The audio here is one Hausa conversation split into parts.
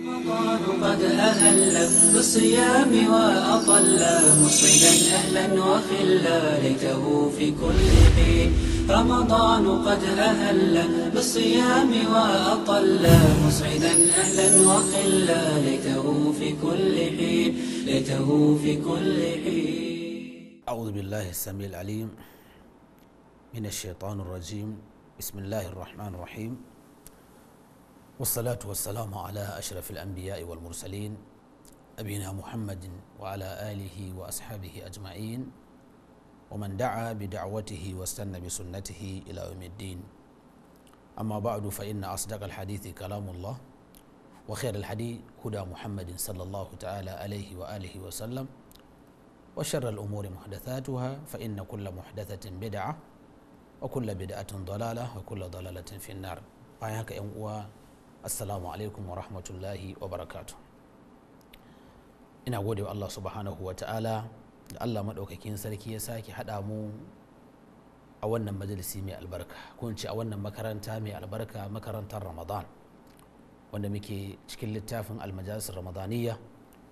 رمضان قد أهل بالصيام وأطل مصعدا أهلا وخلا ليته في كل حين رمضان قد أهل بالصيام وأطل مصعدا أهلا وخلا ليته في كل حين ليته في كل حين أعوذ بالله السميع العليم من الشيطان الرجيم بسم الله الرحمن الرحيم والصلاة والسلام على أشرف الأنبياء والمرسلين أبينا محمد وعلى آله وأصحابه أجمعين ومن دعا بدعوته واستنى بسنته إلى يوم الدين أما بعد فإن أصدق الحديث كلام الله وخير الحديث هدى محمد صلى الله تعالى عليه وآله وسلم وشر الأمور محدثاتها فإن كل محدثة بدعة وكل بدعة ضلالة وكل ضلالة في النار بايعك أن assalamu alaikum wa rahmatullahi wa barakatu ina gode wa Allah subhanahu wa ta'ala da Allah maɗaukakin sarki ya sake haɗa mu a wannan majalisi mai albarka ko ce a wannan makaranta mai albarka makarantar ramadan wanda muke cikin littafin almajalisar ramadaniya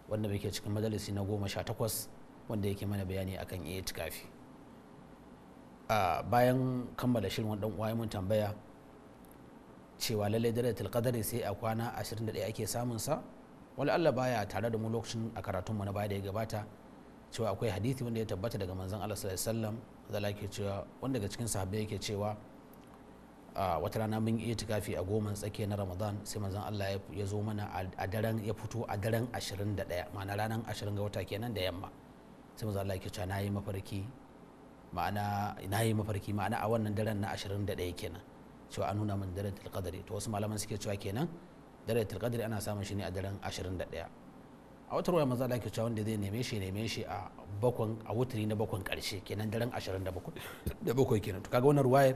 wanda muke cikin majalisi na goma sha takwas wanda yake mana bayani akan iya a ah, bayan kammala shirin wani uwaye mun tambaya cewa lallai darajatul qadari sai a kwana 21 ake samun sa wani Allah baya tare da mu lokacin a karatun mu na baya da ya gabata cewa akwai hadisi wanda ya tabbata daga manzon Allah sallallahu alaihi wasallam zala ke cewa wanda daga cikin sahabbai yake cewa a ah, wata rana mun yi itikafi a goma tsakiya na Ramadan sai manzon Allah ya zo mana a daren ya fito a daren 21 ma'ana ranar 20 ga wata kenan da yamma sai manzon Allah yake cewa nayi mafarki ma'ana nayi mafarki ma'ana a wannan daren na 21 kenan cewa an nuna min darajatul tilkadari to wasu malaman suke cewa kenan darajatul tilkadari ana samun shi ne a daren 21 a wata ruwa maza da ke cewa wanda zai neme shi neme shi a bakon a wutari na bakon karshe kenan daren 27 da bakwai kenan to kaga wannan ruwayar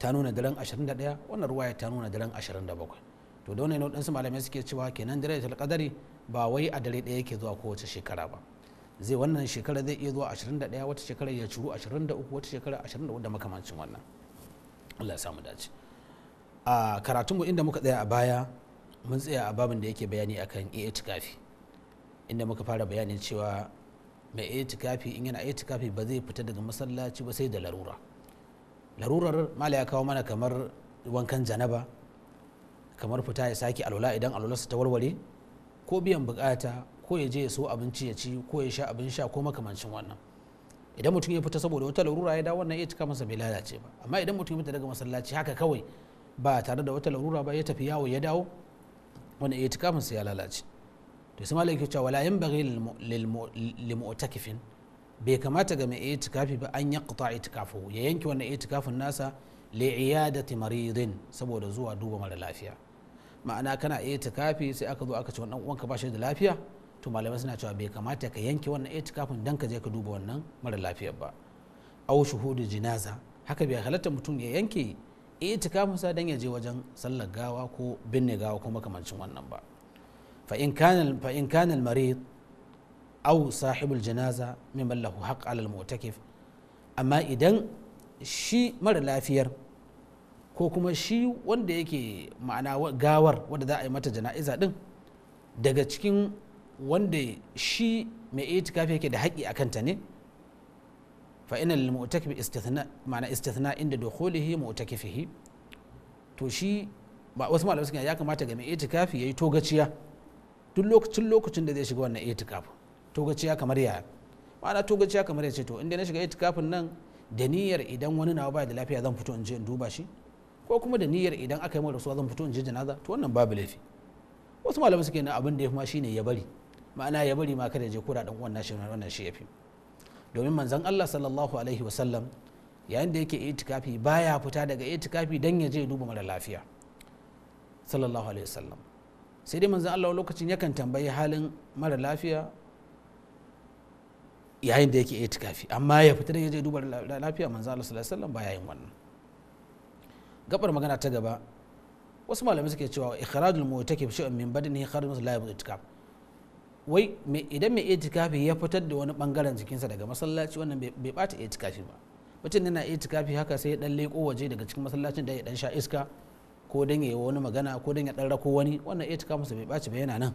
ta nuna daren 21 wannan ruwayar ta nuna daren 27 to da wannan waɗansu malamai suke cewa kenan darajatul tilkadari ba wai a dare ɗaya yake zuwa kowace shekara ba zai wannan shekara zai iya zuwa 21 wata shekara ya curu 23 wata shekara 24 da makamancin wannan Allah ya samu dace a karatunmu inda muka tsaya a baya mun tsaya a babin da yake bayani akan itikafi inda muka fara bayanin cewa mai itikafi in yana itikafi ba zai fita daga masallaci ba sai da larura larurar mala ya kawo mana kamar wankan janaba kamar fita ya sake alwala idan alwalarsa ta warware ko biyan bukata ko ya je ya so abinci ya ci ko ya sha abin sha ko makamancin wannan idan mutum ya fita saboda wata larura ya da wannan itikafin sa bai lalace ba amma idan mutum ya fita daga masallaci haka kawai ba tare da wata larura ba ya tafi yawo ya dawo Wani itikafin sa ya lalace to sai malaka cewa wala yanbaghi lil mu'takifin bai kamata ga mai itikafi ba an yaqta itikafahu ya yanke wannan itikafin nasa da timaririn saboda zuwa duba mara lafiya ma'ana kana itikafi sai aka zo aka ce wannan uwanka ba shi da lafiya to malamai suna cewa bai kamata ka yanke wannan itikafin dan ka je ka duba wannan mara lafiyar ba aw shuhudu jinaza haka bai halatta mutum ya yanke Eh, sa dan ya je wajen sallar gawa ko binne gawa ko makamancin wannan ba fa in kana marid aw sahibul janaza mimman lahu haqq alal mu'takif amma idan shi mara lafiyar ko kuma shi wanda yake ma'ana gawar wanda za a yi mata jana'iza din daga cikin wanda shi mai itikafi yake da haƙi a kanta ne fa ina lil mu'takib istithna ma'ana istithna inda dukhulihi mu'takifihi to shi ba wasu malamai suka ya kamata ga mai itikafi yayi togaciya duk lokacin lokacin da zai shiga wannan itikaf togaciya kamar ya ma'ana togaciya kamar ya ce to inda na shiga itikafin nan da niyyar idan wani nawa ba da lafiya zan fito in je in duba shi ko kuma da niyyar idan aka yi rasuwa zan fito in je janaza to wannan babu laifi wasu malamai suke na abin da ya fi ma shine ya bari ma'ana ya bari ma kada ya je kura dan uwan nashi wannan shi ya fi domin manzon Allah sallallahu alaihi wasallam yayin da yake itikafi baya fita daga itikafi dan ya je duba mara lafiya sallallahu alaihi wasallam sai dai manzon Allah lokacin yakan tambayi halin mara lafiya yayin da yake itikafi amma ya fita da ya je duba lafiya manzan Allah sallallahu alaihi wasallam baya yin wannan gabar magana ta gaba wasu malamai suke cewa ikhradul mu'takif shay'un min badani kharajun la yabu itikaf wai idan mai itikafi ya fitar da wani bangaren jikinsa daga masallaci wannan bai bata itikafi ba mutum yana itikafi haka sai ya dan leko waje daga cikin masallacin da ya dan sha iska ko dan ya wani magana ko dan ya dan rako wani wannan sa bai baci ba yana nan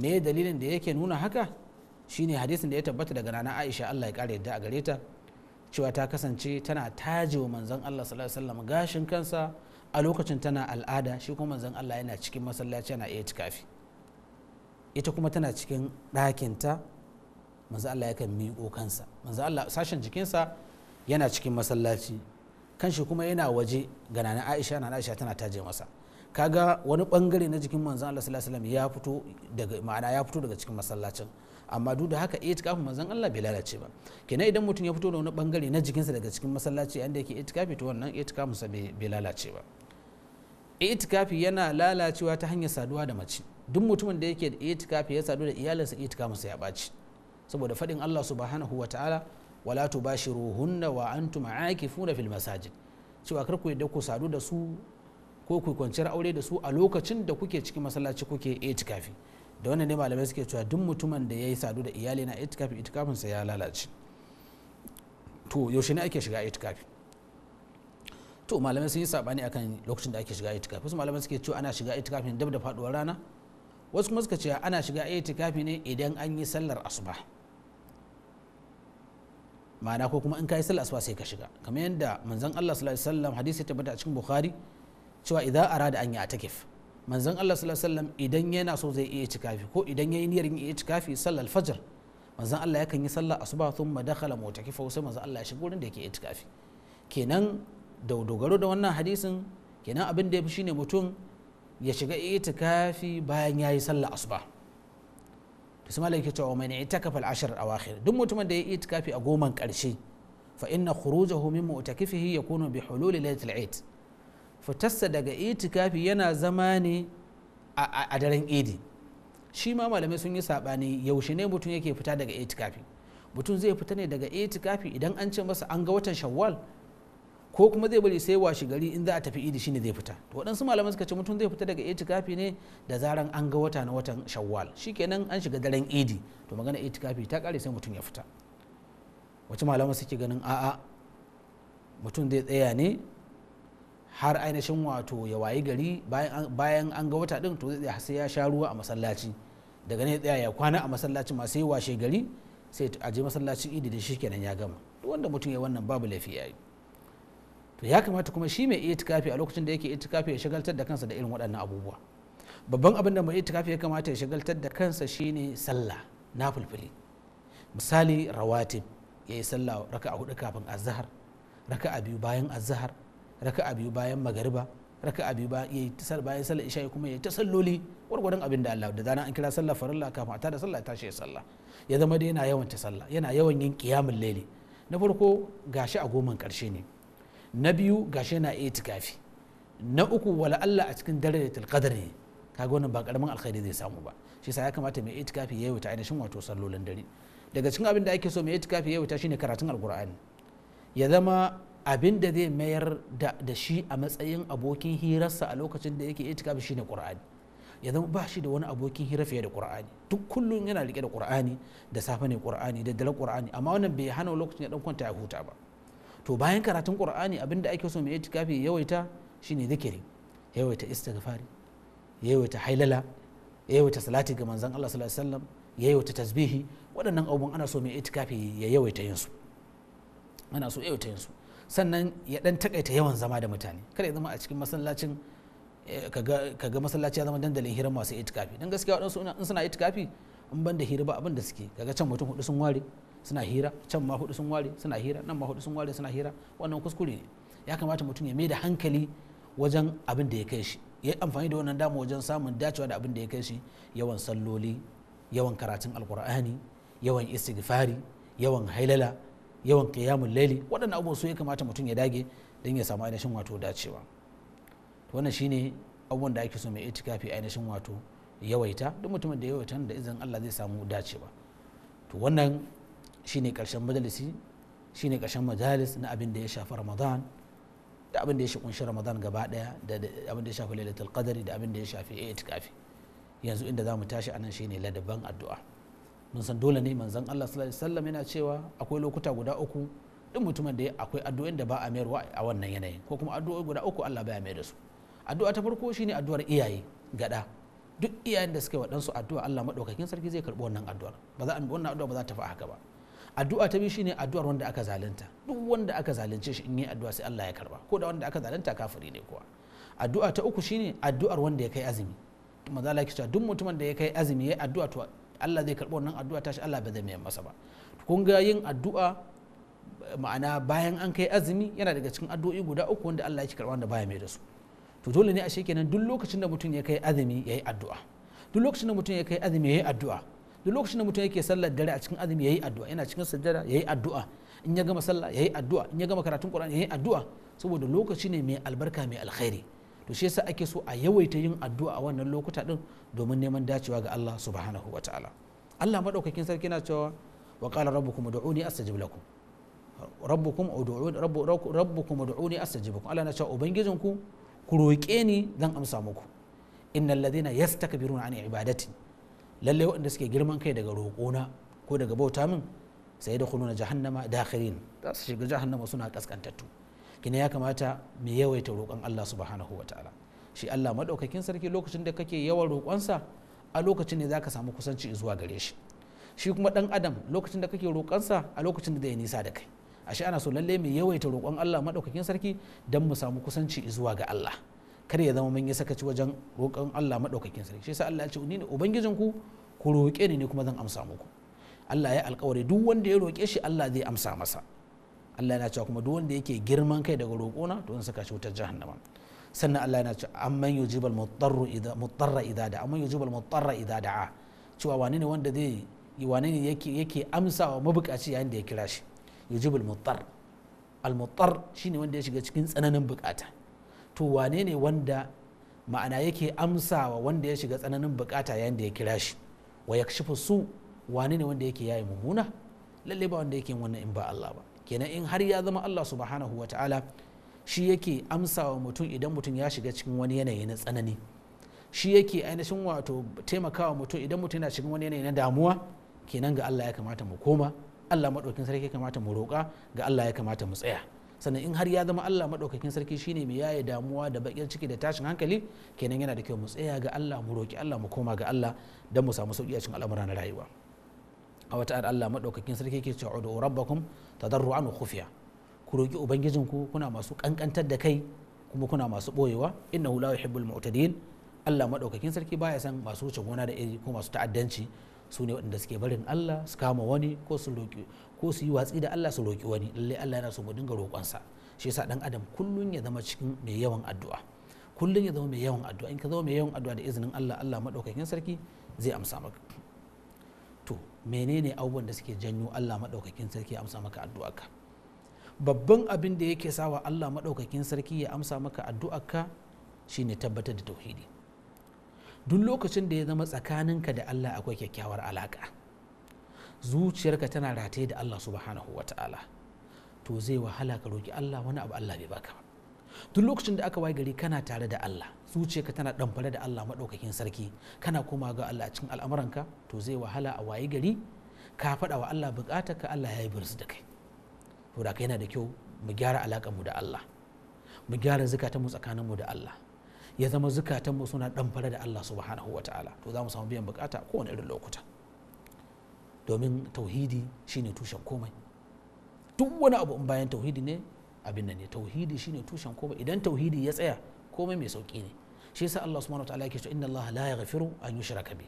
me dalilin da yake nuna haka shine hadisin da ya tabbata daga rana Aisha Allah ya kare yadda a gare ta cewa ta kasance tana wa manzon Allah sallallahu alaihi wasallam gashin kansa a lokacin tana al'ada shi kuma manzon Allah yana cikin masallaci yana itikafi ita kuma tana cikin ɗakinta manzo Allah yakan miƙo kansa manzo Allah sashen jikinsa yana cikin masallaci kanshi kuma yana waje ga nana Aisha nana Aisha tana taje masa kaga wani bangare na jikin manzo Allah sallallahu alaihi wasallam ya fito daga ma'ana ya fito daga cikin masallacin amma duk da haka itikafin manzon Allah bai lalace ba kenan idan mutum ya fito da wani bangare na jikinsa daga cikin masallaci inda yake itikafi to wannan sa bai lalace ba itikafi yana lalacewa ta hanyar saduwa da mace duk mutumin da yake da itikafi ya sadu da iyalinsa itikafinsa ya ɓaci saboda faɗin Allah subhanahu wa ta'ala wala tubashiruhunna wa antum aakifuna fil masajid cewa kar ku yadda ku sadu da su ko ku kwanciyar aure da su a lokacin da kuke cikin masallaci kuke itikafi da wannan ne malamai suke cewa duk mutumin da ya yi sadu da iyali na itikafi itikafinsa ya lalace to yaushe ne ake shiga itikafi to malamai sun yi sabani akan lokacin da ake shiga itikafi wasu malamai suke cewa ana shiga itikafi dab da faduwar rana wasu kuma suka ce ana shiga itikafi ne idan an yi sallar asuba ma'ana ko kuma in ka yi sallar asuba sai ka shiga kamar yadda manzon Allah sallallahu alaihi wasallam hadisi ya tabbata a cikin bukhari cewa idan arada an yi atakif manzon Allah sallallahu alaihi wasallam idan yana so zai iya itikafi ko idan yayi niyyar yin itikafi sallar fajar manzon Allah yakan yi sallar asuba thumma dakhala mutakifa sai manzon Allah ya shiga wurin da yake itikafi kenan da dogaro da wannan hadisin kenan abin da ya fi shine mutum ya shiga itikafi bayan yayi sallah asuba to sai malaka cewa mai ne itakafa al'ashar awakhir duk mutumin da ya yi itikafi a goman karshe fa inna khurujahu min mu'takifihi yakunu bi hululi laylatil eid fitarsa daga itikafi yana zama ne a daren idi shi ma malamai sun yi saɓani yaushe ne mutum yake fita daga itikafi mutum zai fita ne daga itikafi idan an ce masa an ga watan shawwal ko kuma zai bari sai washi gari in za a tafi idi shine zai fita to waɗansu malaman suka ce mutum zai fita daga itikafi ne da zaran an ga wata na watan shawwal shikenan an shiga daren idi to magana itikafi ta kare sai mutum ya fita wace malaman suke ganin a'a mutum zai tsaya ne har ainihin wato ya wayi gari bayan an ga wata din to zai tsaya sai ya sha ruwa a masallaci daga ne tsaya ya kwana a masallaci ma sai washe gari sai a je masallacin idi da shikenan ya gama wanda mutum ya wannan babu laifi yayi to ya kamata kuma shi mai itikafi a lokacin da yake itikafi ya shagaltar da kansa da irin waɗannan abubuwa babban abin da mai itikafi ya kamata ya shagaltar da kansa shine sallah na fulfili misali rawatib ya yi sallah raka a hudu kafin azahar raka a biyu bayan azahar raka a biyu bayan magariba raka a biyu bayan yi tasal bayan sallah isha kuma yayi tasalloli gwargwadon abin da Allah da zana an kira sallah farilla kafin a tada sallah tashi sallah ya zama da yana yawan ta sallah yana yawan yin qiyamul layli na farko gashi a goman karshe ne na biyu gashi yana tikafi na uku wala Allah a cikin dare da tilkadar ne kaga wannan ba karamin alkhairi zai samu ba shi yasa ya kamata mai itikafi ya wuta ainihin wato sallolin dare daga cikin abin da ake so mai itikafi ya yawaita shine karatun alqur'ani ya zama abin da zai mayar da shi a matsayin abokin hirarsa a lokacin da yake itikafi shine qur'ani ya zama ba shi da wani abokin hira fiye da qur'ani duk kullum yana rike da qur'ani da safe ne qur'ani da dare qur'ani amma wannan bai hana lokacin ya dan kwanta ya huta ba to bayan karatun qur'ani abinda ake so mai itikafi yawaita shine zikiri yawaita istighfari yawaita hailala yawaita salati ga manzon Allah sallallahu alaihi wasallam yawaita tasbihi waɗannan abubuwan ana so mai itikafi ya yawaita yin su ana so yawaita yin su sannan ya dan takaita yawan zama da mutane kada ya zama a cikin masallacin eh, kaga masallaci ya zama dandalin hirar masu itikafi dan gaskiya waɗansu in suna itikafi in ban da hira ba abin da suke kaga can mutum hudu sun ware suna hira can ma hudu sun ware suna hira nan ma hudu sun ware suna hira wannan kuskure ne ya kamata mutum ya mai da hankali wajen abin da ya kai shi ya amfani da wannan dama wajen samun dacewa da abin da ya kai shi yawan salloli yawan karatun alkur'ani yawan istighfari yawan hailala yawan qiyamul laili waɗannan abubuwa su ya kamata mutum ya dage don ya samu ainihin wato dacewa wannan shine abubuwan da ake so mai itikafi ainihin wato yawaita duk mutumin da yawaita da izinin Allah zai samu dacewa to wannan shine karshen majalisi shine karshen majalis na abin da ya shafi ramadan da abin da ya kunshi ramadan gaba daya da abin da ya shafi lailatul qadari da abin da ya shafi itikafi yanzu inda zamu tashi anan shine ladaban addu'a mun san dole ne manzon Allah sallallahu alaihi wasallam yana cewa akwai lokuta guda uku duk mutumin da akwai addu'o'in da ba a mayarwa a wannan yanayin ko kuma addu'o'i guda uku Allah baya mayar da su addu'a ta farko shine addu'ar iyaye gada duk iyayen da suka yi wa ɗansu addu'a Allah maɗaukakin sarki zai karɓi wannan addu'ar ba za a wannan addu'a ba za ta fi haka ba addu'a ta biyu shine addu'ar wanda aka zalunta duk wanda aka zalunce shi in yi addu'a sai Allah ya karba ko da wanda aka zalunta kafiri ne kuwa addu'a ta uku shine addu'ar wanda ya kai azumi maza Allah cewa duk mutumin da ya kai azumi ya addu'a to Allah zai karba wannan addu'a ta shi Allah ba zai mai masa ba kun ga yin addu'a ma'ana bayan an kai azumi yana daga cikin addu'o'i guda uku wanda Allah yake karba wanda baya mai da su to dole ne a shekenan duk lokacin da mutum ya kai azumi yayi addu'a duk lokacin da mutum ya kai azumi yayi addu'a duk lokacin da mutum yake sallar dare a cikin azumi yayi addu'a yana cikin sajjada yayi addu'a in ya gama sallah yayi addu'a in ya gama karatun qur'ani yayi addu'a saboda lokaci ne mai albarka mai alkhairi to shi yasa ake so a yawaita yin addu'a a wannan lokuta din domin neman dacewa ga Allah subhanahu wataala Allah madaukakin sarki na cewa wa qala rabbukum ud'uni astajib lakum rabbukum ud'uni rabbukum ud'uni astajib lakum Allah na cewa ubangijinku ku roƙe ni zan amsa muku innal ladhina yastakbiruna an ibadati lallai waɗanda suke girman kai daga roƙona ko daga bauta min sai da kuluna jahannama dakhirin za su shiga jahannama suna kaskantattu kina ya kamata mu yawaita roƙon Allah subhanahu wataala shi Allah madaukakin sarki lokacin da kake yawan roƙonsa a lokacin ne zaka samu kusanci zuwa gare shi shi kuma dan adam lokacin da kake roƙonsa a lokacin da ya nisa da kai ashe ana so lalle mu yawaita roƙon Allah madaukakin sarki dan mu samu kusanci zuwa ga Allah Kar ya zama mun yi sakaci wajen roƙon Allah maɗaukakin sarki shi yasa Allah ya ce ni ne ubangijin ku ku roƙe ni ne kuma zan amsa muku Allah ya alƙawari duk wanda ya roƙe shi Allah zai amsa masa Allah yana cewa kuma duk wanda yake girman kai daga roƙona to in saka shi wutar jahannama sannan Allah yana cewa amman yujibal mutarru idza mutarra idza da amman yujibal mutarra idza da'a cewa wane ne wanda zai wane ne yake yake amsawa mabukaci yayin da ya kira shi yujibul mutar al mutar shine wanda ya shiga cikin tsananin bukata to wane ne wanda ma'ana yake amsawa wanda ya shiga tsananin bukata yayin da ya kira shi wa ya shifa su wane ne wanda yake yayi mummuna lalle ba wanda yake wannan in ba Allah ba kenan in har ya zama Allah subhanahu wataala shi yake amsawa mutum idan mutum ya shiga cikin wani yanayi na tsanani shi yake ainihin wato taimakawa mutum idan mutum yana cikin wani yanayi na damuwa kenan ga Allah ya kamata mu koma Allah maɗaukin sarki ya kamata mu roƙa ga Allah ya kamata mu tsaya sannan in har ya zama Allah maɗaukakin sarki shine mai yaye damuwa da bakin ciki da tashin hankali kenan yana da kyau mu tsaya ga Allah mu roki Allah mu koma ga Allah don mu samu sauki a cikin al'amura na rayuwa a wata ar Allah maɗaukakin sarki ke cewa ud'u rabbakum tadarruan wa khufiya ku roki ubangijinku kuna masu ƙanƙantar da kai kuma kuna masu boyewa innahu la yuhibbul mu'tadin Allah maɗaukakin sarki baya san masu wuce gona da iri ko masu ta'addanci su ne waɗanda suke barin Allah su kama wani ko su roki ko su yi watsi da Allah su roƙi wani lallai Allah yana so mu dinga roƙonsa shi yasa dan adam kullun ya zama cikin mai yawan addu'a kullun ya zama mai yawan addu'a in ka zama mai yawan addu'a da izinin Allah Allah madaukakin sarki zai amsa maka to menene abubuwan da suke janyo Allah madaukakin sarki ya amsa maka addu'arka babban abin da yake sawa Allah maɗaukakin sarki ya amsa maka addu'arka shine tabbatar da tauhidi duk lokacin da ya zama tsakaninka da Allah akwai kyakkyawar alaka zuciyarka tana rataye da Allah subhanahu wa ta'ala to zai wahala ka roki Allah wani abu Allah bai baka duk lokacin da aka waye gari kana tare da Allah zuciyarka tana damfare da Allah maɗaukakin sarki kana koma ga Allah a cikin al'amuranka to zai wahala a waye gari ka faɗa wa Allah ka Allah ya yi birsu da kai to da yana da kyau mu gyara alaƙar mu da Allah mu gyara zukatan mu tsakanin mu da Allah ya zama zukatanmu suna damfare da Allah subhanahu ta'ala to za mu samu biyan bukata kowane irin lokuta domin tauhidi shine tushen komai duk wani abu in bayan tauhidi ne abin nan ne tauhidi shine tushen komai idan tauhidi ya tsaya komai mai sauki ne shi yasa Allah subhanahu wataala yake cewa inna Allah la yaghfiru an yushraka bi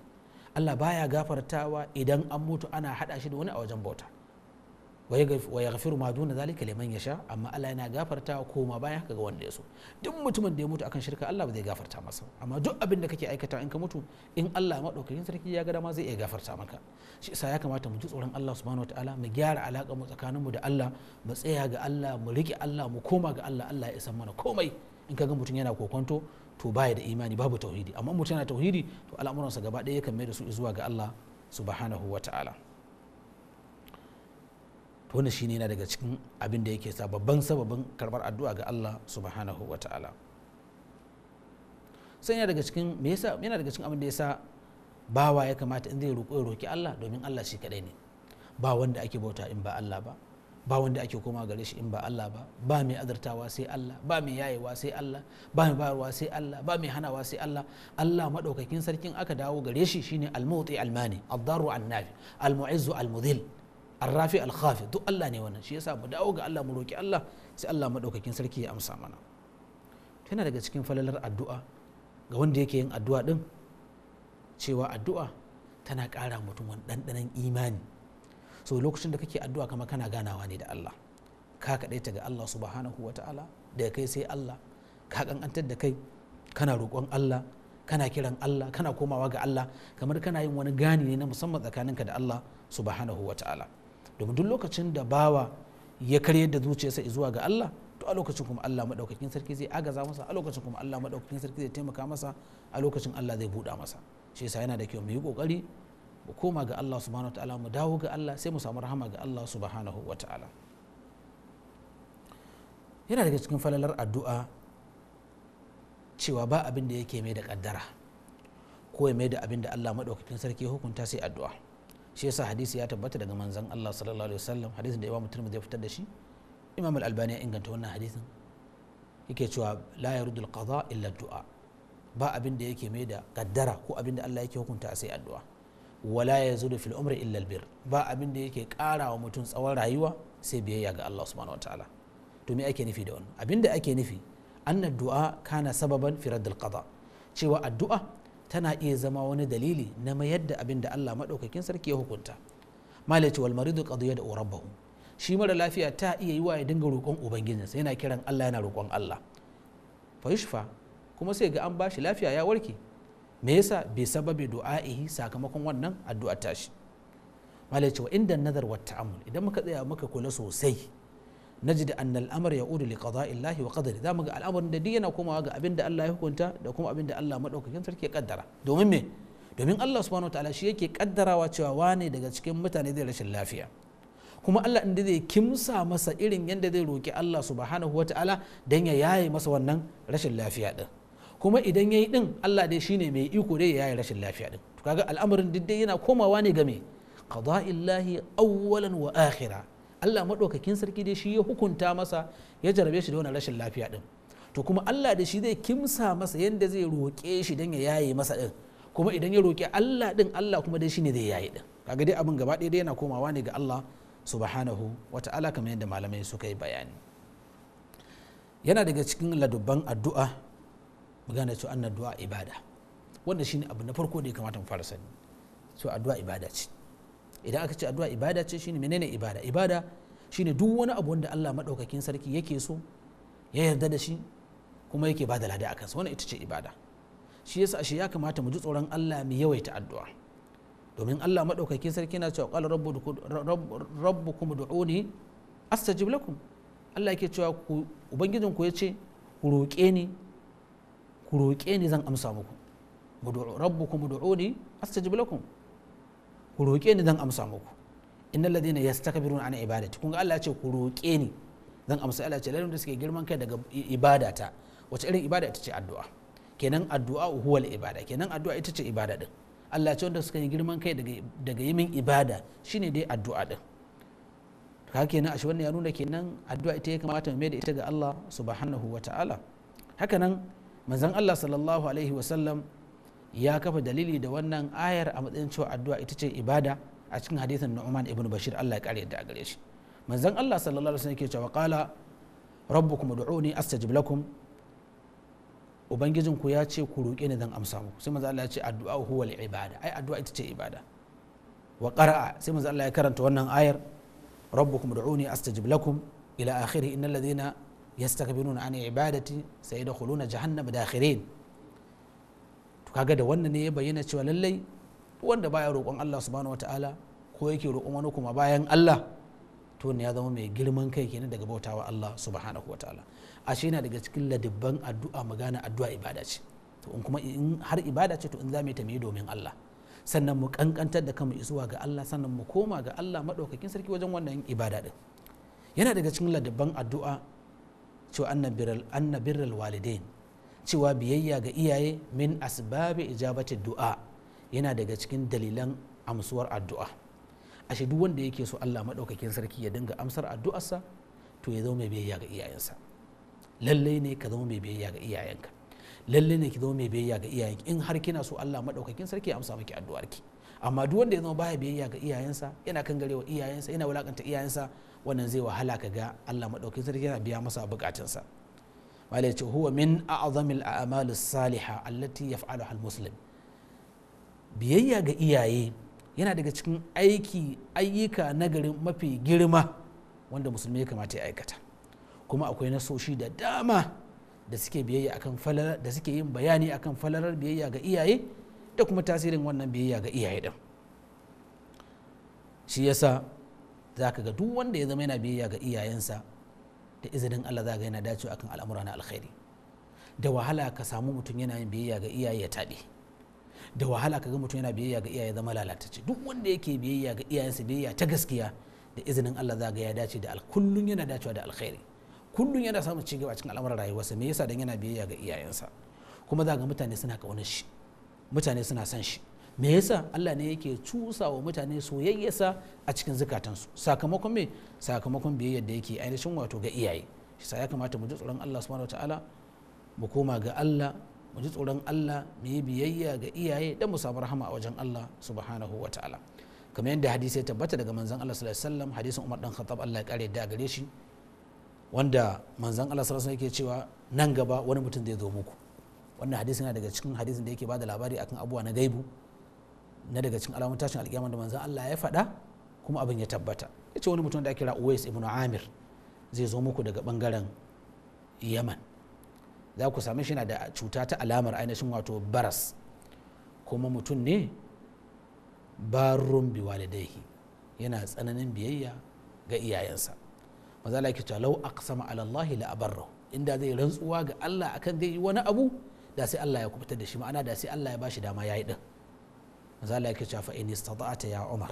Allah baya gafartawa idan an mutu ana hada shi da wani a wajen bauta wa ya gafiru ma duna zalika liman yasha amma Allah yana gafarta koma bayan haka ga wanda ya so duk mutumin da ya mutu akan shirka Allah ba zai gafarta masa amma duk abin da kake aikata in ka mutu in Allah madaukakin sarki ya ga dama zai iya gafarta maka shi yasa ya kamata mu ji tsoron Allah subhanahu wataala mu gyara alaka mu tsakanin mu da Allah mu tsaya ga Allah mu rike Allah mu koma ga Allah Allah ya isa mana komai in ka ga mutum yana kokonto to baya da imani babu tauhidi amma mutum yana tauhidi to sa gaba ɗaya ya mai da su zuwa ga Allah subhanahu wataala to wannan shine yana daga cikin abin da yake sa babban sababin karbar addu'a ga Allah subhanahu wa ta'ala sai yana daga cikin me yasa yana daga cikin abin da yasa bawa ya kamata in zai roƙo ya roki Allah domin Allah shi kadai ne ba wanda ake bauta in ba Allah ba ba wanda ake koma gare shi in ba Allah ba ba mai azartawa sai Allah ba mai yayewa sai Allah ba mai bayarwa sai Allah ba mai hanawa sai Allah Allah madaukakin sarkin aka dawo gare shi shine al Almani. al-mani ad-daru an-nafi al-mu'izzu al arrafi alkhafi duk Allah ne wannan shi yasa mu dawo ga Allah mu roki Allah sai Allah madaukakin sarki ya amsa mana tana daga cikin falalar addu'a ga wanda yake yin addu'a din cewa addu'a tana kara mutum wani ɗanɗanon imani so lokacin da kake addu'a kama kana ganawa ne da Allah ka ta ga Allah subhanahu wa ta'ala da kai sai Allah ka ƙanƙantar da kai kana roƙon Allah kana kiran Allah kana komawa ga Allah kamar kana yin wani gani ne na musamman tsakaninka da Allah subhanahu wa ta'ala domin duk lokacin da bawa ya karye da zuciyarsa zuwa ga Allah to a lokacin kuma Allah madaukakin sarki zai agaza masa a lokacin kuma Allah madaukakin sarki zai taimaka masa a lokacin Allah zai buɗa masa shi yasa yana da kyau mu yi kokari mu koma ga Allah subhanahu wataala mu dawo ga Allah sai mu samu rahama ga Allah subhanahu wataala yana daga cikin falalar addu'a cewa ba abin da yake mai da kaddara ko ya mai da abin da Allah madaukakin sarki ya hukunta sai addu'a shi yasa hadisi ya tabbata daga manzon Allah sallallahu alaihi wasallam hadisin da Imam Tirmidhi ya fitar da shi Imam Al-Albani ya inganta wannan hadisin yake cewa la yarudul qada illa du'a ba abin da yake mai da kaddara ko abin da Allah yake hukunta sai addu'a wala yazudu fil umri illa albir ba abin da yake kara wa mutum tsawon rayuwa sai biyayya ga Allah subhanahu wataala to me ake nufi da wannan abin da ake nufi anna du'a kana sababan fi raddil qada cewa addu'a tana iya zama wani dalili na mayar da abin da Allah maɗaukakin sarki ya hukunta malaci wal maridu qadiya da rabbahu shi mara lafiya ta iya yi wa ya dinga roƙon ubangijinsa yana kiran Allah yana roƙon Allah fa yushfa kuma sai ga an ba shi lafiya ya warke me yasa bai sababi du'a'ihi sakamakon wannan addu'a tashi malaci wa inda nazar wa ta'ammul idan muka tsaya muka kula sosai najid anna al'amar ya'udu li qada'illahi wa qadari zamu ga al'amarin da yana komawa ga abinda da Allah ya hukunta da kuma abin da Allah madaukakin sarki ya kaddara domin me domin Allah subhanahu wataala shi yake kaddarawa cewa wane daga cikin mutane zai rashin lafiya kuma Allah inda zai kimsa masa irin yadda zai roki Allah subhanahu wataala dan ya yaye masa wannan rashin lafiya din kuma idan yayi din Allah dai shine mai iko dai ya yaye rashin lafiya din kaga al'amarin duk yana komawa ne ga me qada'illahi awwalan wa akhirah Allah maɗaukakin sarki dai shi ya hukunta masa ya jarabe shi da wani rashin lafiya ɗin to kuma Allah da shi zai kimsa masa yadda zai roƙe shi don ya yaye masa ɗin kuma idan ya roƙe Allah ɗin Allah kuma dai shi ne zai yaye ɗin kaga dai abin gaba ɗaya yana komawa ne ga Allah subhanahu wa ta'ala kamar yadda malamai suka yi bayani yana daga cikin ladubban addu'a mu magana cewa annan addu'a ibada wannan shine abu na farko da ya kamata mu fara sani cewa addu'a ibada ce idan aka ce addu'a ibada ce shine menene ibada ibada shine duk wani abu wanda Allah madaukakin sarki yake so ya yarda da shi kuma yake bada lada a kansa wannan ita ce ibada shi yasa ashe ya kamata mu ji tsoron Allah mu yawaita addu'a domin Allah madaukakin sarki yana cewa qala rabbukum du'uni astajib lakum Allah yake cewa ku ubangijin ku yace ku roƙe ni ku roƙe ni zan amsa muku rabbukum du'uni astajib lakum ku roƙe ni zan amsa muku innal ladina yastakbiruna an ibadati kun ga Allah ya ce ku roƙe ni zan amsa Allah ce ladin da suke girman kai daga ibada ta wace irin ibada ita ce addu'a kenan addu'a huwal ibada kenan addu'a ita ce ibada din Allah ce wanda suka yi girman kai daga yi min ibada shine dai addu'a din haka kenan ashe wannan ya nuna kenan addu'a ita ya kamata mu mai da ita ga Allah subhanahu wa ta'ala haka nan manzon Allah sallallahu alaihi wa sallam ya kafa dalili da wannan ayar a matsayin cewa addu'a ita ce ibada a cikin hadithin Nu'man ibn Bashir Allah ya kare a gare shi manzon Allah sallallahu alaihi wasallam yake cewa qala rabbukum ud'uni astajib lakum ubangijinku ya ce ku roƙe ni zan amsa muku sai manzo Allah ya ce addu'a huwa ibada ai addu'a ita ce ibada wa qara'a sai manzo Allah ya karanta wannan ayar rabbukum ud'uni astajib lakum ila akhirih innal ladhina yastakbiruna an ibadati sayadkhuluna jahannama dakhirin to kaga da wannan ne ya bayyana cewa lallai wanda baya roƙon Allah subhanahu wataala ko yake roƙon wani kuma bayan Allah to ne ya zama mai girman kai kenan daga bautawa Allah subhanahu wataala ashe yana daga cikin ladibban addu'a magana addu'a ibada ce to in kuma in har ibada ce to in za mu ta mai domin Allah sannan mu kankantar da kanmu zuwa ga Allah sannan mu koma ga Allah madaukakin sarki wajen wannan ibada din yana daga cikin ladabban addu'a cewa annabirral walidain cewa biyayya ga iyaye min asbabi ijabati du'a yana daga cikin dalilan amsuwar addu'a ashe duk wanda yake so Allah maɗaukakin sarki ya dinga amsar addu'arsa to ya zama mai biyayya ga iyayensa lalle ne ka zama mai biyayya ga iyayenka lalle ne ki zama mai biyayya ga iyayenki in har kina so Allah maɗaukakin sarki ya amsa miki addu'arki amma duk wanda ya zama baya biyayya ga iyayensa yana kan garewa iyayensa yana wulakanta iyayensa wannan zai wahala ka ga Allah maɗaukakin sarki yana biya masa bukatunsa wale ce huwa min a'zamil a'mal as-saliha allati yaf'aluha al-muslim biyayya ga iyaye yana daga cikin aiki ayyuka nagarin mafi girma wanda musulmi ya kamata ya aikata kuma akwai nasoshi da dama da suke biyayya akan falalar da suke yin bayani akan falalar biyayya ga iyaye da kuma tasirin wannan biyayya ga iyaye din shi yasa zaka ga duk wanda ya zama yana biyayya ga iyayensa da izinin Allah za ga yana dacewa akan al'amura na alkhairi da wahala ka samu mutum yana yin biyayya ga iyaye ya taɓe da wahala ka ga mutum yana biyayya ga iyaye zama lalatacce duk wanda yake biyayya ga iyayensa biyayya ta gaskiya da izinin Allah za ga ya dace da kullun yana dacewa da alkhairi kullun yana samun ci gaba cikin al'amuran rayuwarsa me yasa dan yana biyayya ga iyayensa kuma za ga mutane suna kaunar shi mutane suna son shi me yasa Allah ne yake cusa wa mutane soyayyarsa a cikin zukatansu sakamakon me sakamakon biyayyar da yake ainihin wato ga iyaye shi ya kamata mu ji tsoron Allah subhanahu wataala mu koma ga Allah mu ji tsoron Allah mu yi biyayya ga iyaye dan mu samu rahama a wajen Allah subhanahu wataala kamar yadda hadisi ya tabbata daga manzon Allah sallallahu alaihi wasallam hadisin Umar dan Khattab Allah ya kare da gare shi wanda manzon Allah sallallahu alaihi wasallam yake cewa nan gaba wani mutum zai zo muku wannan hadisi yana daga cikin hadisin da yake bada labari akan abuwa na gaibu na daga cikin alamun tashin alƙiyama da manzon Allah ya faɗa kuma abin ya tabbata ya ce wani mutum da kira Uwais ibn Amir zai zo muku daga bangaren Yaman za ku same shi na da cuta ta alamar ainihin wato baras kuma mutum ne barun biwalidaihi yana tsananin biyayya ga iyayensa maza la ta lau aqsama ala Allah la abarra inda zai rantsuwa ga Allah akan zai yi wani abu da sai Allah ya kubutar da shi ma'ana da sai Allah ya bashi dama yayi din zala yake cewa in istata'ata ya umar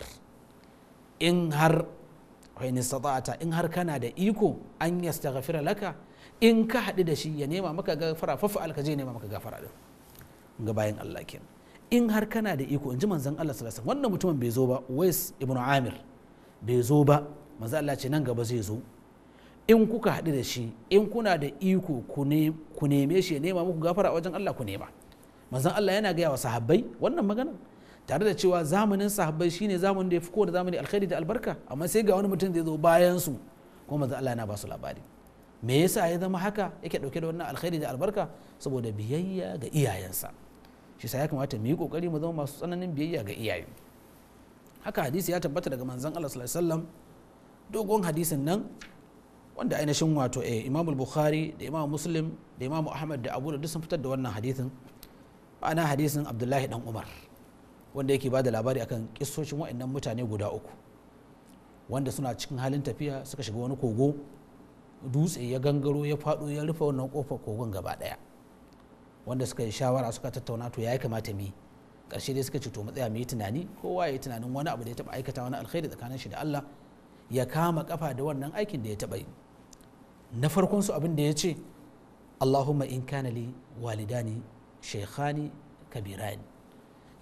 in har in istata'ata in har kana da iko an yastaghfira laka in ka haɗu da shi ya nema maka gafara fafa alkaje nema maka gafara din ga bayan Allah kenan in har kana da iko in ji manzon Allah sallallahu alaihi wannan mutumin bai zo ba Wais ibn Amir bai zo ba maza Allah ce nan gaba zai zo in kuka haɗu da shi in kuna da iko ku neme shi ya nema muku gafara a wajen Allah ku nema manzon Allah yana gaya wa sahabbai wannan maganar tare da cewa zamanin sahabbai shine zamanin da ya fi kowane zamani alkhairi da albarka amma sai ga wani mutum zai zo bayan su kuma manzo Allah yana ba su labari me yasa ya zama haka yake dauke da wannan alkhairi da albarka saboda biyayya ga iyayensa shi sa ya kamata mu yi kokari mu zama masu tsananin biyayya ga iyaye haka hadisi ya tabbata daga manzon Allah sallallahu alaihi wasallam dogon hadisin nan wanda ainihin wato eh, Imam Bukhari da Imam Muslim da Imam Ahmad da Abu Dawud duk sun fitar da wannan hadisin ana hadisin Abdullahi dan Umar wanda yake ba da labari akan kissoshin waɗannan mutane guda uku wanda suna cikin halin tafiya suka shiga wani kogo dutse ya gangaro ya faɗo ya rufe wannan kofar kogon gaba ɗaya wanda suka yi shawara suka tattauna to ya kamata mi karshe dai suka ce to matsaya mu yi tunani kowa ya yi tunanin wani abu da ya taɓa aikata wani alkhairi tsakanin shi da Allah ya kama kafa da wannan aikin da ya taɓa yi na farkon su abin da ya ce Allahumma in kana li walidani shaykhani kabirani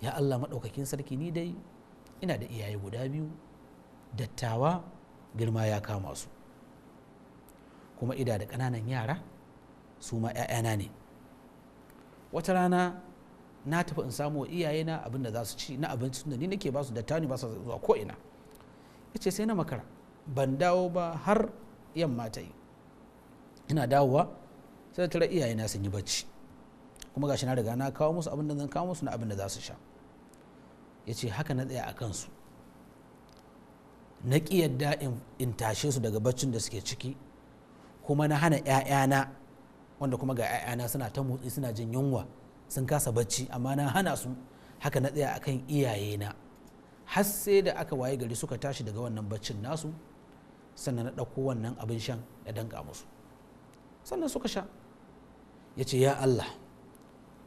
ya allah maɗaukakin sarki ni dai ina da iyaye guda biyu dattawa girma ya kama su kuma ida da ƙananan yara su ma 'ya'yana ne wata rana na tafi in samu wa iyayena abin da za su ci na abincin da ni nake ba su dattawa ne ba su zuwa ko'ina ya ce sai na makara ban dawo ba har yamma ta yi ina dawowa sai tara iyayena sun yi bacci kuma gashi na riga na kawo musu abin da zan kawo musu na abin da za su sha ya ce haka na tsaya a kansu na ƙi yadda in tashe su daga baccin da suke ciki kuma na hana 'ya'yana wanda kuma ga 'ya'yana suna ta motsi suna jin yunwa sun kasa bacci amma na hana su haka na tsaya akan iyayena har sai da aka waye gari suka tashi daga wannan baccin nasu sannan na ɗauko wannan abin shan ya danka musu sannan suka sha ya ce ya allah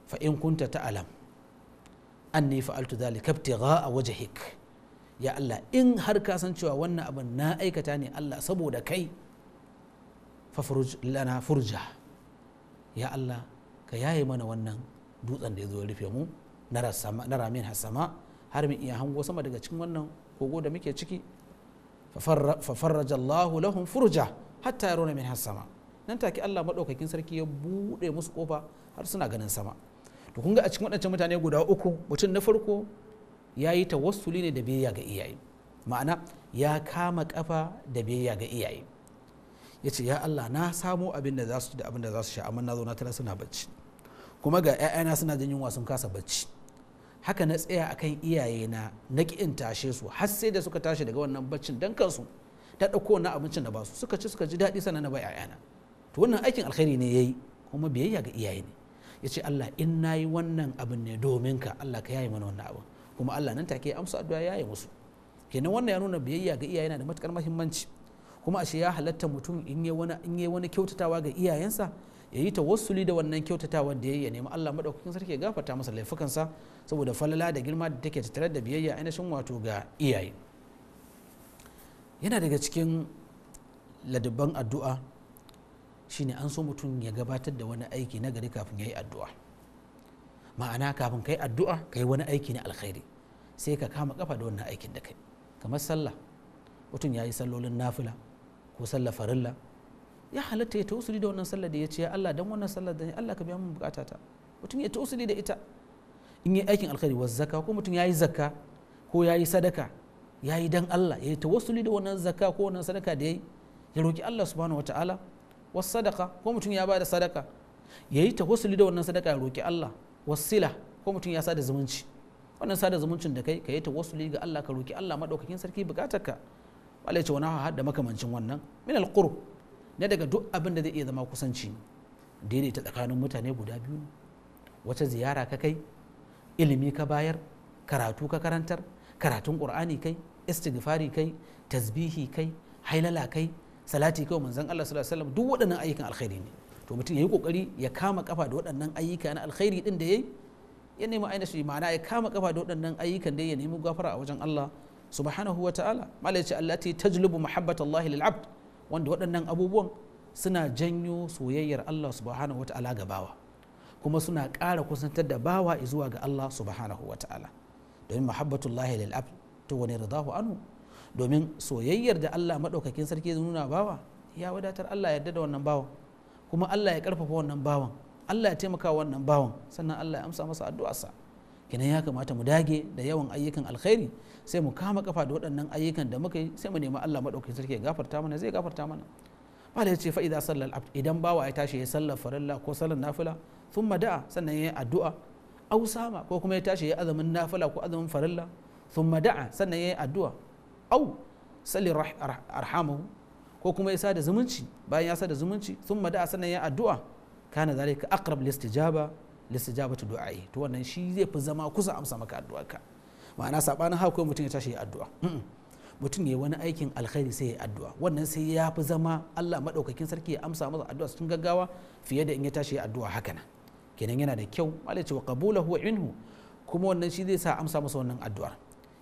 fa in kunta ta'lam anni fa'altu dhalika ibtigha'a wajhik ya Allah in har ka san cewa wannan abin na aikata ne Allah kai furja ya yaye mana wannan dutsen da ya rufe mu na ramin hasama har hango sama daga cikin wannan kogo da muke ciki fafarraja Allahu furja hatta yaruna min nan take Allah madaukakin sarki ya kofa har suna ganin sama to kun ga a cikin waɗancan mutane guda uku mutum na farko ya yi tawassuli ne da biyayya ga iyaye ma'ana ya kama kafa da biyayya ga iyaye ya ce ya Allah na samo abin da za su da abin da za su sha amma na zo na tara suna bacci kuma ga 'ya'yana suna jin yunwa sun kasa bacci haka na tsaya akan iyaye na na in tashe su har sai da suka tashi daga wannan baccin dan kansu ta ɗauko na abincin da ba su suka ci suka ji daɗi sannan na ba 'ya'yana to wannan aikin alkhairi ne yayi kuma biyayya ga iyaye ne ya ce Allah in na yi wannan abin ne domin ka Allah ka yayi mana wannan abin kuma Allah nan take amsa addu'a yayi musu kenan wannan ya nuna biyayya ga iyaye yana da matukar muhimmanci kuma ashe ya halatta mutum in yi wani in yi wani kyautatawa ga iyayensa ya yi tawassuli da wannan kyautatawa da yayi ya nemi Allah madaukakin sarki ya gafarta masa laifukansa saboda falala da girma da take tattare da biyayya ainihin wato ga iyaye yana daga cikin ladabban addu'a shine an so mutum ya gabatar da wani aiki na gari kafin ya yi addu'a ma'ana kafin ka yi addu'a ka yi wani aiki na alkhairi sai ka kama kafa da wannan aikin da kai kamar sallah mutum ya yi sallolin nafila ko sallah farilla ya halatta ya tausiri da wannan sallah da ya ce Allah dan wannan sallah da Allah ka biya min bukatata mutum ya tausiri da ita in yi aikin alkhairi wa zakka ko mutum ya yi zakka ko ya yi sadaka ya yi dan Allah ya yi tawassuli da wannan zakka ko wannan sadaka da ya yi ya roki Allah subhanahu wataala wasu sadaka ko mutum ya bada sadaka ya yayi tawassuli da wannan sadaka ya roki Allah wasila ko mutum ya sada zumunci wannan sada zumuncin da kai ka yi tawassuli ga Allah ka roki Allah madaukakin sarki bukatarka wala ce wani hadda makamancin wannan min alqur ne daga duk abin da zai iya zama kusanci daidaita tsakanin mutane guda biyu wata ziyara ka kai ilimi ka bayar karatu ka karantar karatun qur'ani kai istighfari kai tasbihi kai hailala kai salati kawai manzon Allah sallallahu alaihi wasallam duk waɗannan ayyukan alkhairi ne to mutum yi kokari ya kama kafa da waɗannan ayyuka na alkhairi din da yayi ya nemi aina shi ma'ana ya kama kafa da waɗannan ayyukan da ya nemi gafara a wajen Allah subhanahu wa ta'ala malai ce allati tajlubu mahabbatallahi lil abd wanda waɗannan abubuwan suna janyo soyayyar Allah subhanahu wa ta'ala ga bawa kuma suna ƙara kusantar da bawa zuwa ga Allah subhanahu wa ta'ala domin mahabbatullahi lil abd to wani ridahu anhu domin soyayyar da Allah maɗaukakin sarki ya nuna bawa ya wadatar Allah ya da wannan bawan kuma Allah ya karfafa wannan bawan Allah ya taimaka wannan bawan sannan Allah ya amsa masa addu'arsa kenan ya kamata mu dage da yawan ayyukan alkhairi sai mu kama kafa da waɗannan ayyukan da muka yi sai mu nemi Allah maɗaukakin sarki ya gafarta mana zai gafarta mana bala ya ce fa idan sallar abd idan bawa ya tashi ya sallar farilla ko sallar nafila thumma da'a sannan ya yi addu'a au sama ko kuma ya tashi ya azumin nafila ko azumin farilla thumma da'a sannan ya yi addu'a au sallin arhamahu ko kuma ya sada zumunci bayan ya sada zumunci sun mada sannan ya addu'a kana zalika aqrab listijaba listijabatu du'ai to wannan shi zai fi zama kusa amsa maka addu'a ka ma'ana sabanin haka mutum ya tashi ya addu'a mutum ya wani aikin alkhairi sai ya addu'a wannan sai ya fi zama Allah madaukakin sarki ya amsa masa addu'a cikin gaggawa fiye da in ya tashi ya addu'a haka nan kenan yana da kyau malaci wa qabulahu wa inhu kuma wannan shi zai sa amsa masa wannan addu'ar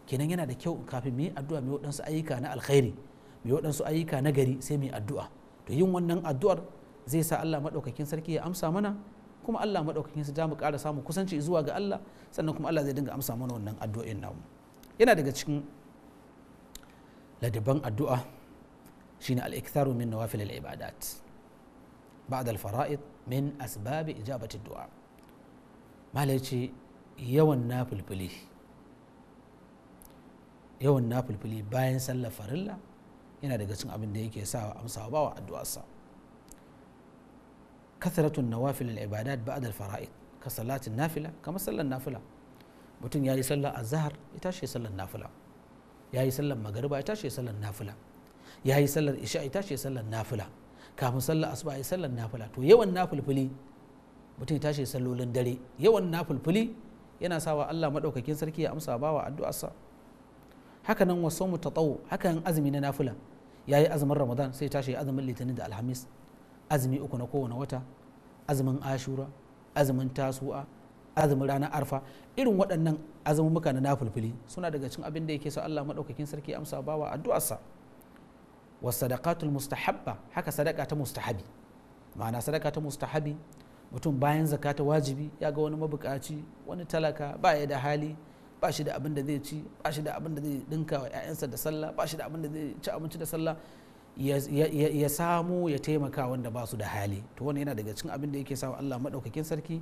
kenan yana da kyau kafin mu yi addu'a mu waɗansu ayyuka na alkhairi mu waɗansu ayyuka na gari sai mu yi addu'a to yin wannan addu'ar zai sa Allah maɗaukakin sarki ya amsa mana kuma Allah maɗaukakin sa mu ƙara samu kusanci zuwa ga Allah sannan kuma Allah zai dinga amsa mana wannan addu'o'in namu yana daga cikin ladaban addu'a shine al-iktharu min nawafil al-ibadat ba'da al-fara'id min asbab ijabati ad-du'a malai ce yawan nafilfili yawan nafulfuli bayan sallar farilla yana daga cin abin da yake sa amsawa bawa addu'arsa katharatun nawafil al-ibadat ba'da al-fara'id ka salatin nafila kamar sallar nafila mutum ya yi sallar azhar ya tashi sallar nafila ya yi sallar magariba ya tashi sallar nafila ya yi sallar isha ya tashi sallar nafila kafin sallar asuba ya yi sallar nafila to yawan nafulfuli mutum ya tashi sallolin dare yawan nafulfuli yana sawa Allah madaukakin sarki ya amsa bawa addu'arsa haka nan wasu mu tatawu haka nan azumi na nafila ya yi azumin ramadan sai tashi azumin litinin da alhamis azumi uku na kowane wata azumin ashura azumin tasu'a azumin ranar arfa irin waɗannan azumumuka na nafulfuli suna daga cin abin da yake so Allah maɗaukakin sarki amsa bawa addu'arsa wasadaqatul mustahabba haka sadaka ta mustahabi ma'ana sadaka ta mustahabi mutum bayan zakata wajibi ya ga wani mabukaci wani talaka ba ya da hali ba shi da abin da zai ci ba shi da abin da zai dinka wa 'ya'yansa da sallah ba shi da abin da zai ci abinci da sallah ya samu ya taimaka wanda ba su da hali to wani yana daga cikin abin da yake sawa Allah madaukakin sarki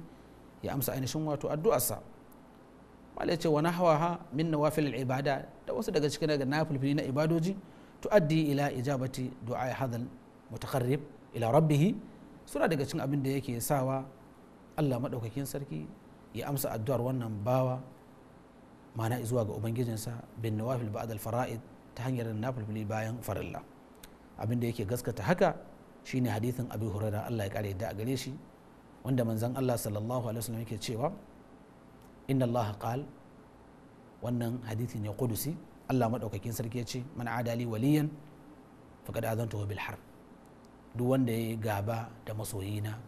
ya amsa ainihin wato addu'arsa malai ce wa nahwaha min nawafil ibada da wasu daga cikin daga nafilfili na ibadoji tuaddi ila ijabati du'a hadal mutakarrib ila rabbih suna daga cikin abin da yake sawa Allah madaukakin sarki ya amsa addu'ar wannan bawa mana zuwa ga ubangijinsa bin nawafil ba'd al fara'id ta hanyar nafilfili bayan farilla abin da yake gaskata haka shine hadithin abi hurairah Allah ya kare yadda a gare shi wanda manzon Allah sallallahu alaihi wasallam yake cewa inna Allah qal wannan hadithin ne kudusi Allah madaukakin sarki ya ce man adali waliyan faqad azantuhu bil har duk wanda ya gaba da masoyina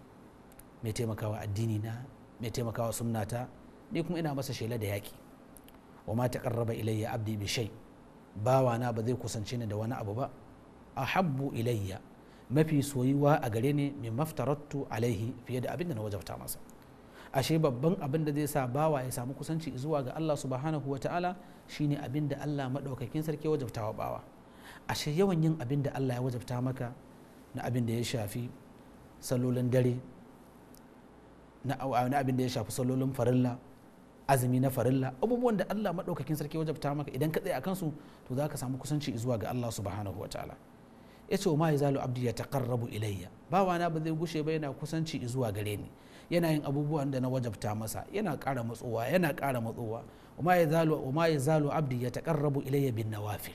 mai taimakawa addini na mai taimakawa sunnata ni kuma ina masa shela da yaki wa ma taqarraba ilayya abdi bi shay bawana ba zai kusance ni da wani abu ba A Habbu ilayya mafi soyuwa a gare ni min maftarattu alaihi fiye da abinda da na wajabta masa ashe babban abin da zai sa bawa ya samu kusanci zuwa ga Allah subhanahu wa ta'ala shine abin da Allah madaukakin sarki wajabta wa bawa ashe yawan yin abin Allah ya wajabta maka na abin da ya shafi salolin dare na abin ya shafi salolin farilla azumi na farilla abubuwan da Allah maɗaukakin sarki wajabta maka idan ka tsaye akan su to za ka samu kusanci zuwa ga Allah subhanahu wa ta'ala ya ce ma yazalu abdi ya taqarrabu ilayya bawana ba zai gushe ba yana kusanci zuwa gare ni yana yin abubuwan da na wajabta masa yana ƙara matsowa yana ƙara matsowa ma yazalu ma yazalu abdi ya taqarrabu ilayya bin nawafil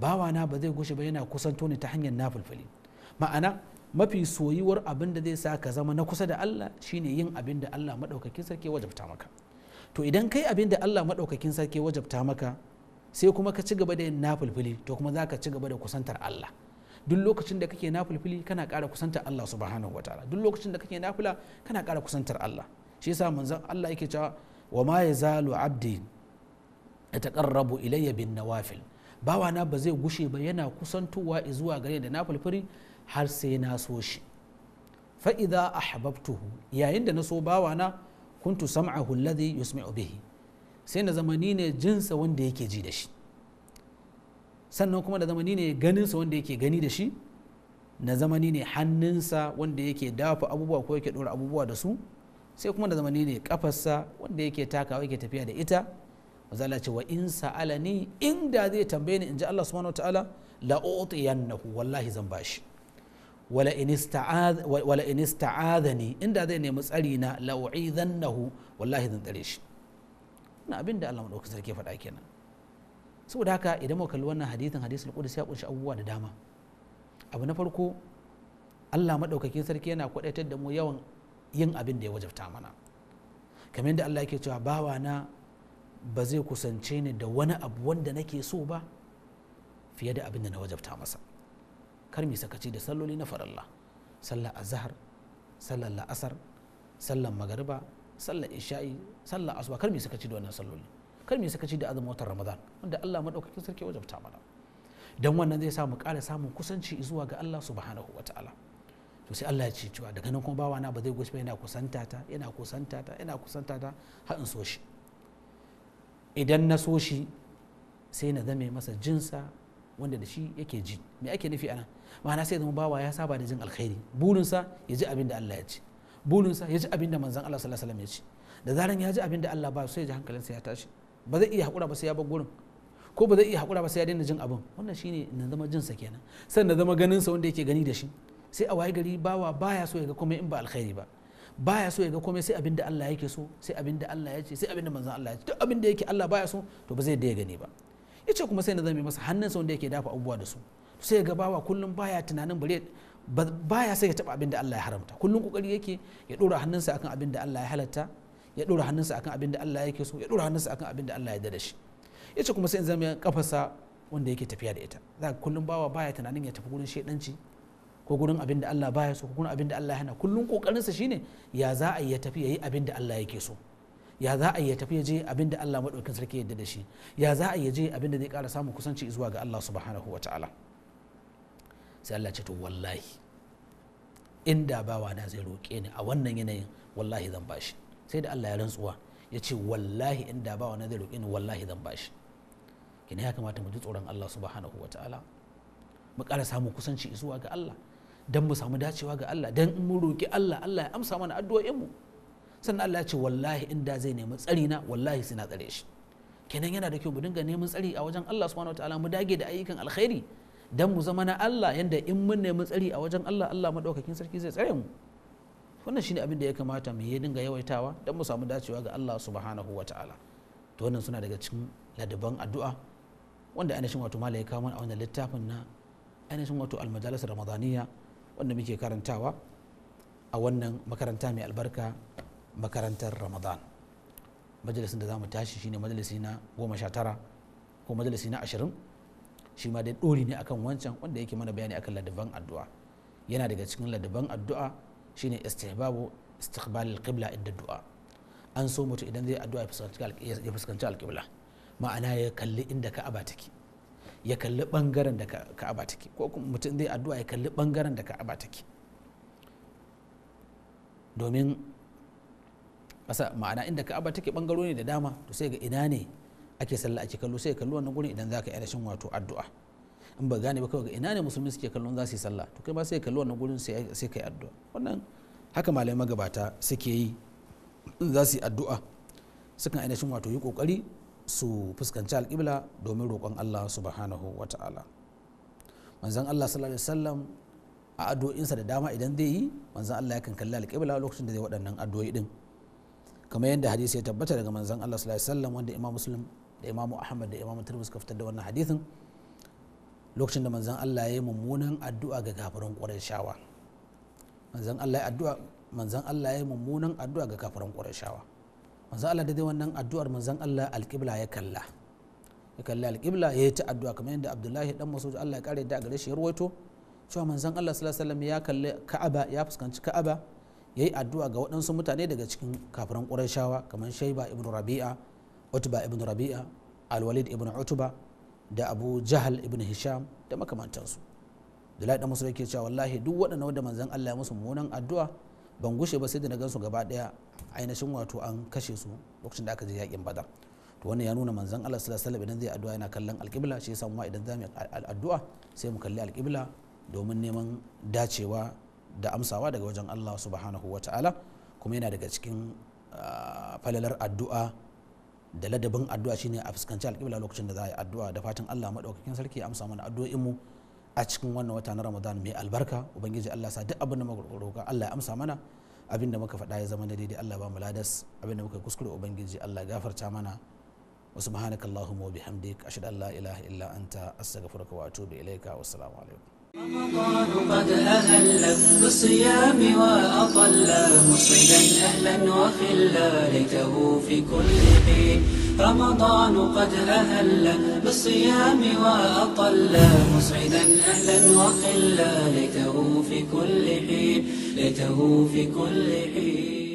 bawana ba zai gushe ba yana kusanto ni ta hanyar nafilfili ma'ana mafi soyuwar abin da zai sa ka zama na kusa da Allah shine yin abin da Allah maɗaukakin sarki wajabta maka to idan kai abin da Allah maɗaukakin sarki wajabta maka sai kuma ka ci gaba da yin nafulfuli to kuma za ka ci gaba da kusantar Allah duk lokacin da kake nafulfuli kana ƙara kusantar Allah subhanahu wa ta'ala duk lokacin da kake nafula kana ƙara kusantar Allah shi yasa manzon Allah yake cewa wa ma yazalu abdi yataqarrabu ilayya bin nawafil bawana ba zai gushe ba yana kusantowa zuwa gare da nafulfuli har sai na so shi fa idza ahbabtuhu yayin da na so bawana kuntu sam'ahu alladhi yusmi'u bihi sai na zamani ne jinsa wanda yake ji da shi sannan kuma da zamani ne ganinsa wanda yake gani da shi na zamani ne hannunsa wanda yake dafa abubuwa ko yake dora abubuwa da su sai kuma da zamani ne kafarsa wanda yake taka yake tafiya da ita wazala ce wa in sa'alani inda zai tambaye ni in ji Allah subhanahu wa ta'ala la utiyannahu wallahi zan bashi wala in ista'adhani inda zai nemi tsari na la'u'idhannahu wallahi zan tsare shi na abin da Allah madaukakin sarki faɗa kenan saboda haka idan muka kalli wannan hadisin hadisul qudsi ya kunshi abubuwa da dama abu na farko Allah madaukakin sarki yana kwadaitar da mu yawan yin abin da ya wajabta mana kamar yadda Allah yake cewa bawa na ba zai kusance ni da wani abu wanda nake so ba fiye da abin da na wajabta masa kar mu sakaci da salloli na faralla sallar azhar sallar la'asar sallar magariba sallar isha'i sallar asuba kar mu sakaci da wannan salloli kar mu sakaci da azumin watan ramadan wanda Allah maɗaukakin sarki wajabta mana dan wannan zai samu ƙara samun kusanci zuwa ga Allah subhanahu ta'ala to sai Allah ya ce cewa daga nan kuma bawana ba zai gosi ba yana kusanta ta yana kusanta ta yana kusanta ta har in so shi idan na so shi sai na zame masa jinsa wanda da shi yake ji me ake nufi anan ma'ana sai zama bawa ya saba da jin alkhairi burinsa ya ji abin da Allah ya ce burinsa ya ji abin da manzon Allah sallallahu alaihi wasallam ya ce da zaran ya ji abin da Allah ba sai ya ji hankalinsa ya tashi ba zai iya hakura ba sai ya bar gurin ko ba zai iya hakura ba sai ya daina jin abin wannan shine na zama jin sa kenan sannan na zama ganin sa wanda yake gani da shi sai a waye gari bawa baya so ya ga komai in ba alkhairi ba baya so ya ga komai sai abin da Allah yake so sai abin da Allah ya ce sai abin da manzon Allah ya ce duk abin da yake Allah baya so to ba zai da gani ba yace kuma sai na zame masa sa wanda yake dafa abubuwa da su sai ga bawa kullum baya tunanin bare baya sai ya taba abin da Allah ya haramta kullum kokari yake ya dora sa akan abin da Allah ya halatta ya dora sa akan abin da Allah yake so ya dora sa akan abin da Allah ya dada shi yace kuma sai in zama kafarsa wanda yake tafiya da ita za kullum bawa baya tunanin ya tafi gurin shedanci ko gurin abin da Allah baya so ko gurin abin da Allah yana kullum kokarinsa shine ya za a yi ya tafi yayi abin da Allah yake so ya za a yi ya tafi ya je abin da Allah maɗaukin sarki yadda da shi ya za a yi ya je abin da zai ƙara samun kusanci zuwa ga Allah subhanahu wa ta'ala sai Allah ce to wallahi inda bawa na zai roƙe ni a wannan yanayin wallahi zan bashi sai da Allah ya rantsuwa ya ce wallahi inda bawa na zai roƙe ni wallahi zan bashi kina ya kamata mu ji tsoron Allah subhanahu wa ta'ala mu ƙara samun kusanci zuwa ga Allah dan mu samu dacewa ga Allah dan in mu roƙi Allah Allah ya amsa mana addu'o'in mu sannan Allah ya ce wallahi da zai nemi tsari na wallahi suna tsare shi kenan yana da kyau mu dinga neman tsari a wajen Allah subhanahu wataala mu dage da ayyukan alkhairi dan mu zama na Allah yanda in mun nemi tsari a wajen Allah Allah madaukakin sarki zai tsare mu wannan shine abin da ya kamata mu yi dinga yawaitawa dan mu samu dacewa ga Allah subhanahu wataala to wannan suna daga cikin ladaban addu'a wanda ainihin wato malai ya kawo a wannan littafin na ainihin wato almajalis ramadaniya wanda muke karantawa a wannan makaranta mai albarka makarantar ramadan majalisin da za mu tashi shine majalisi na goma sha tara ko majalisi na ashirin shi ma dai ɗori ne akan wancan wanda yake mana bayani akan ladaban addu'a yana daga cikin ladaban addu'a shine istihbabu istiqbal alqibla inda du'a an so mutu idan zai addu'a ya fuskanci alqibla ma'ana ya kalli inda ka'aba take ya kalli bangaren da ka'aba take ko mutum zai addu'a ya kalli bangaren da ka'aba take domin masa ma'ana inda ka'aba take bangaro ne da dama to sai ga ina ne ake sallah ake kallo sai kallo wannan gurin idan zaka yi rashin wato addu'a in ba gane ba kawai ga ina ne musulmi suke kallon za su yi sallah to kai ma sai kallo wannan gurin sai kai addu'a wannan haka malamai magabata suke yi in za su yi addu'a sukan shin wato yi kokari su fuskanci alƙibla domin roƙon Allah subhanahu wa ta'ala manzon Allah sallallahu alaihi wasallam a addu'o'insa da dama idan zai yi manzon Allah yakan kalli alƙibla lokacin da zai waɗannan addu'o'i din kamar yadda hadisi ya tabbata daga manzon Allah sallallahu alaihi wasallam wanda Imam Muslim da Imam Ahmad da Imam Tirmidhi suka fitar da wannan hadisin lokacin da manzon Allah ya yi mummunan addu'a ga kafirin Qurayshawa manzon Allah ya addu'a manzon Allah ya yi mummunan addu'a ga kafirin Qurayshawa manzon Allah da dai wannan addu'ar manzon Allah alqibla ya kalla ya kalla alƙibla ya yi ta addu'a kamar yadda abdullahi dan masud allah ya kare da gare shi ya ruwaito cewa manzon allah sallallahu alaihi wasallam ya kalle ka'aba ya fuskanci ka'aba ya yi addu'a ga waɗansu mutane daga cikin kafiran ƙurashawa kamar shaiba ibn rabi'a utba ibn rabi'a alwalid ibn utba da abu jahal ibn hisham da makamantansu da da musu yake cewa wallahi duk waɗanda wanda manzan allah ya musu mummunan addu'a ban gushe ba sai da na gansu gaba ɗaya ainihin wato an kashe su lokacin da aka je yakin badar to wannan ya nuna manzan allah sallallahu alaihi idan zai addu'a yana kallon alƙibla shi yasa mu idan za mu yi addu'a sai mu kalli alƙibla domin neman dacewa da amsawa daga wajen Allah subhanahu wa ta'ala kuma yana daga cikin ah, falalar addu'a da ladabin addu'a shine a fuskanci alƙibla lokacin da za a yi addu'a da fatan Allah maɗaukakin sarki a amsa mana mu a cikin wannan wata na Ramadan mai albarka ubangiji Allah sa duk abin da muka roƙa Allah ya amsa mana abin da muka faɗa ya zama daidai Allah ba mu ladas abin da muka kuskure ubangiji Allah gafarta mana wa subhanakallahumma wa bihamdik ashhadu an la ilaha illa anta astaghfiruka wa atubu ilaika assalamu alaikum رمضان قد أهل بالصيام وأطل مصعدا أهلا وخلا ليته في كل حين رمضان قد أهل بالصيام وأطل مصعدا أهلا وخلا في كل حين في كل حين